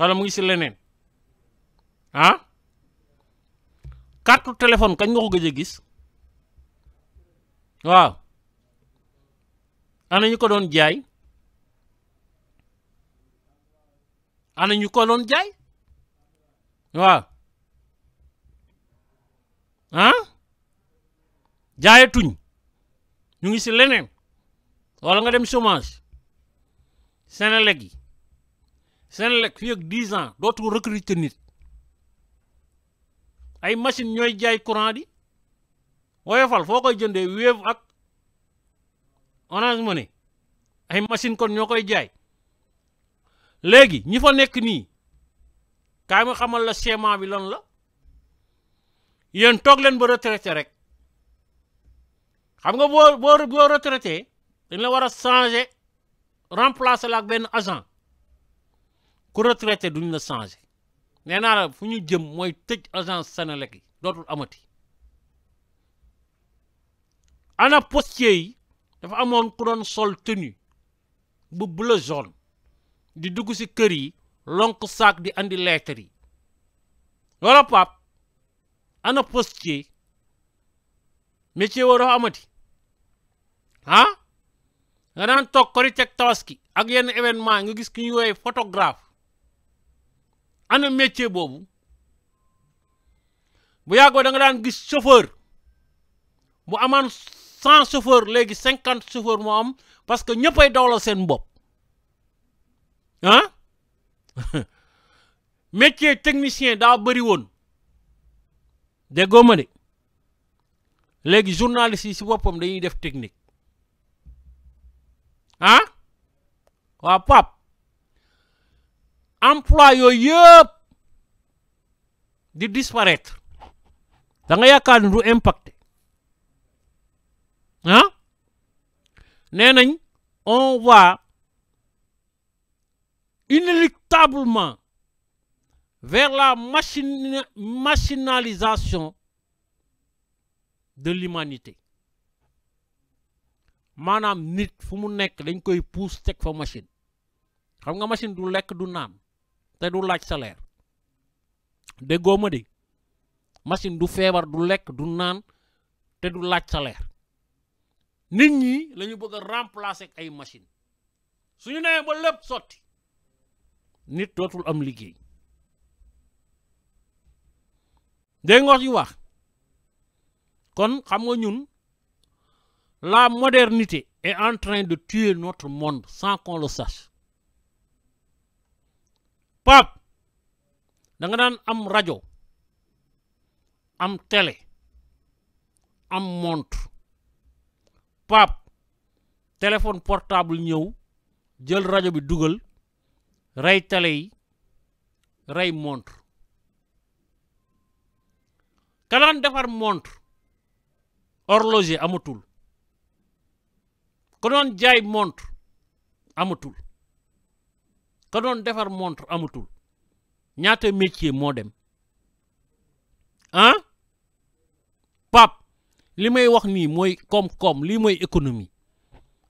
wala mu ngi si leneen ah carte téléphone kañ nga ko gëj a gis waaw ana ñu ko doon jaay ana ñu ko doon jaay waaw ah jaayatuñ ñu ngi si leneen wala nga dem chômage Senelec yi Senelec fii ak dix ans dootul recruter nit ay machine ñooy jaay courant di woyofal foo koy jëndee Wave ak Orange Money ay machine kon ñoo koy jaay léegi ñi fa nekk nii kaay ma xamal la schéma bi lan la yéen toog leen ba retraité rek xam nga boo boo boo retraité dañ la war a changer remplacer la ak benn agent ku retraité duñ la changé nee naa la fu ñu jëm mooy tëj agence Senelec yi dootul amati ana postier yi dafa amoon ku doon sol tenue bu bleu jaune di dugg si kër yi lonk saak di andi lettre yi wala pap ana postier métier woo dafa amati ah nga daan toog kori teg tawaski ak yenn événement nga gis ki ñuy woowee photographe ana métier boobu bu yàggoo da nga daan gis chauffeur bu amaan cent chauffeur léegi cinquante chauffeur moo am parce que ñëppay dawlal seen bopp ah métier technicien daa bëri woon déggoo ma de léegi journaliste yi si boppam dañuy def technique ah waa Pape emploi yop yëpp di disparaître da nga hein? ne du on va inéluctablement vers la machine machinalisation de l'humanité Manam nit fumu nek dañ koy pousse tek fa machine xam nga machine du lek du nam. te du laaj salaire déggoo ma de machine du feebar du lekk du naan te du laaj saleer nit ñi lañu bëgg a remplacer ay machine su ñu nee ba lépp sotti nit dootul am liggéey dégg nga yu wax kon xam nga ñun la modernité et en de tuer notre monde sans qu'on le sache Pape danga nga daan am rajo am tele am montre Pape téléphone portable ñëw jël rajo bi dugal rey télé yi rey montre ka defar montre horloger amatul ku doon jaay montre amatul ka doon defar montre amatul ñaata métier moo dem ah pap li may wax nii mooy koom-koom lii mooy économie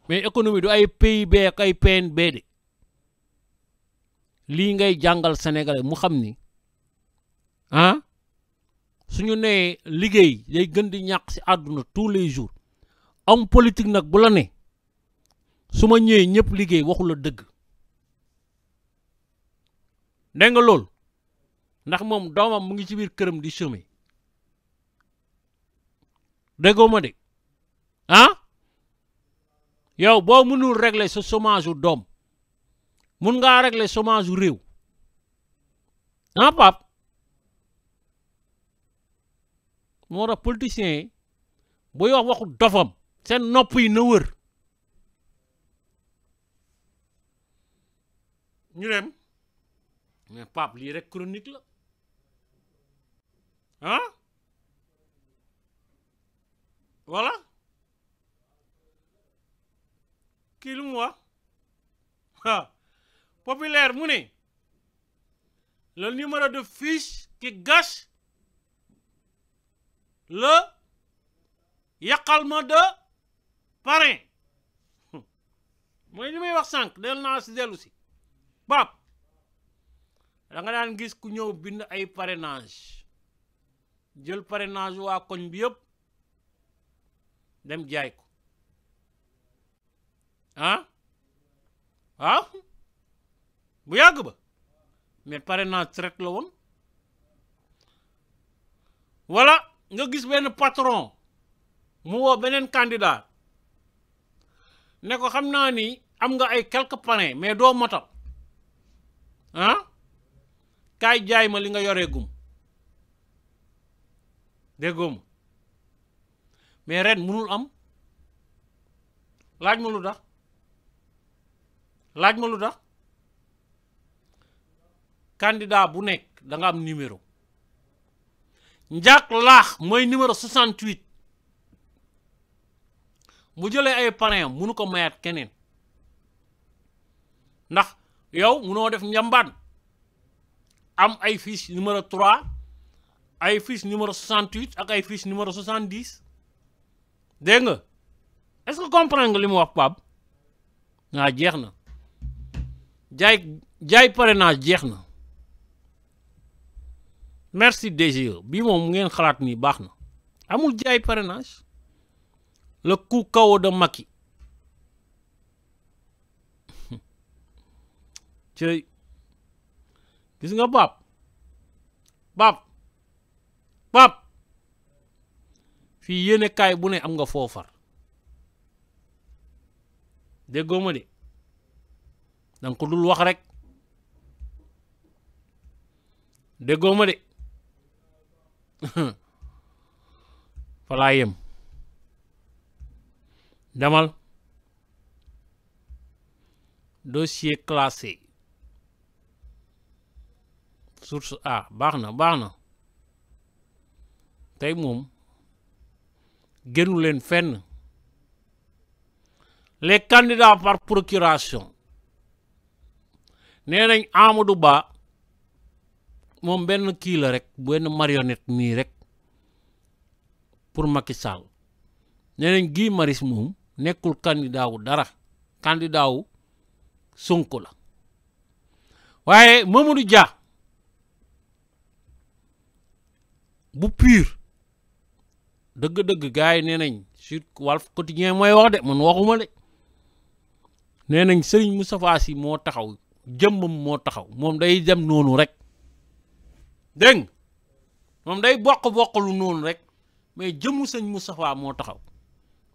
mais économie du ay PIB ak ay PNB de lii ngay jàngal sénégalais mu xam ni ah suñu nee liggéey day gën di ñàkk ci àdduna tous les jours am politique nag bu la ne su ma ñëwee ñëpp liggéey waxu la dëgg dégg nga loolu ndax moom doomam mu ngi ci biir këram di chômer déggoo ma de ah yow boo mënul régler sa chômage u doom mun ngaa régler chômage u réew ah pap moo tax politiciens yi buy wax waxu dofam seen nopp yi na wër ñu dem mais Pape lii rek chronique la ah voilà kii lu mu wax ah populaire mu ne le numéro de fiche qui gâche le yàqalma de parrain mooy li may wax sànq del naa si dellu da nga daan gis ku ñëw bind ay parenage jël parenage waa koñ bi yëpp dem jaay ko ah bu yàgg ba mais parrainage rek la woon walla nga gis benn patron mu woo beneen candidat ne ko xam naa ni am nga ay quelques parrains mais doo matal ah kay jaay ma li nga yoré gum déggoom mais ren mënul am laaj ma lu tax laaj ma lu tax candidat bu nek da nga am numéro ndiak laax moy numéro 68 mu jëlé ay parrain mënu ko mayat kenen ndax yow mënoo def njambaan am ay fiche numéro 3 ay fiche numéro 68 ak ay fiche numéro 70 dégg nga est-ce que comprendre nga li mu wax Pape waa ah, jeex na jaay jaay parrainage jeex na merci DGE bi moom ngeen xalaat nii baax na amul jaay parrainage le coup kawo de Macky cëy gis nga baab baab baab fii yéene kaay bu ne am nga foofar déggoo ma de danga dul wax rek déggoo ma falaa yem demal dossier classé source A ah, baxna baxna tay mom tey fenn les candidats par procuration nenañ Amadou Ba mom ben ki la rek ben marionnette ni rek pour Macky Sall nenañ nañ maris mom nekul candidat wu dara candidat wu Sonko la waye Mamadou Dia bu pur dëgg-dëgg gars yi nee nañ sur Walf Quotidien mooy wax de man waxuma de nee nañ Serigne Moustapha moo taxaw jëmmam moo taxaw moom day dem noonu rek dégg moom day bokk-bokk lu noonu rek mais jëmmu sëñ Moustapha moo taxaw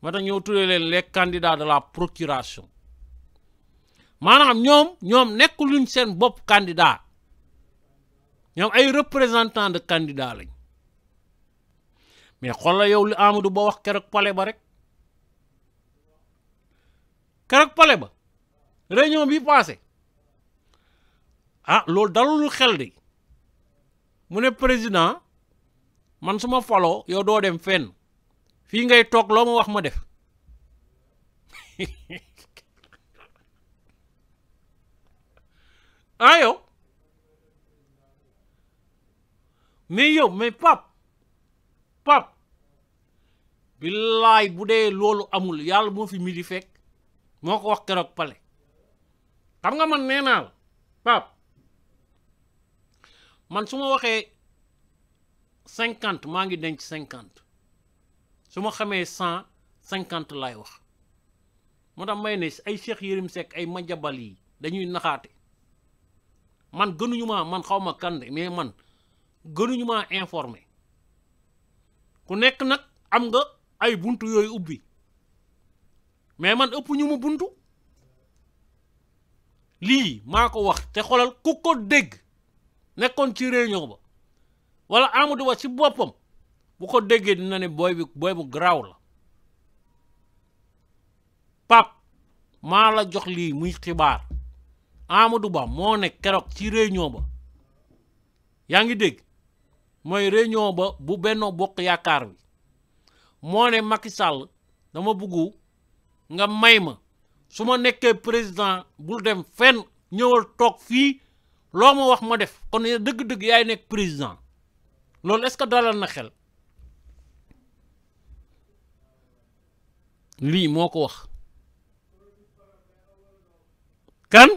ma tax ñoo tuddee leen les candidats de la procuration maanaam ñoom ñoom luñ seen bopp kandidaa ñoom ay représentants de kandidaa lañ mi xol la yow li amadou ba wax keroog pale ba rek keroog palé ba réunion bi passé ah lol dalul xel di mune président man suma ma yow do dem fenn fi ngay tok lo mo wax ma def ayo ah, mais yo, mais pap pap billaay bu dee loolu amul yàlla moo fi midi fekk moo ko wax keroog pale xam nga man nee naa pap man su ma waxee cinquante maa ngi denc cinquante su ma xamee cent cinquante laay wax moo tax may ne ay Cheikh Yérim Seck ay majabal yi dañuy naxaate man gënuñu ma man xaw ma kande mais man gënuñu ma informé ku nek nak am nga ay buntu yoy ubi. mais man ëpp ñu mu buntu Li, mako wax te xolal ku ko deg nekkon ci réunion ba wala Amadou wa ci bopam bu ko déggee dina ne boy bi boy bu graw la pap maa la jox lii muy xibar Amadou Ba mo ne kérok ci réunion ba yaangi mooy réunion ba bu bennoo Bokk Yaakaar bi moo ne Macky Sall dama bëgg nga may ma su ma nekkee président bul dem fenn ñëwal toog fii loo ma wax ma def kon dëgg-dëgg yaay nekk président loolu est-ce que dalal na xel lii moo ko wax kan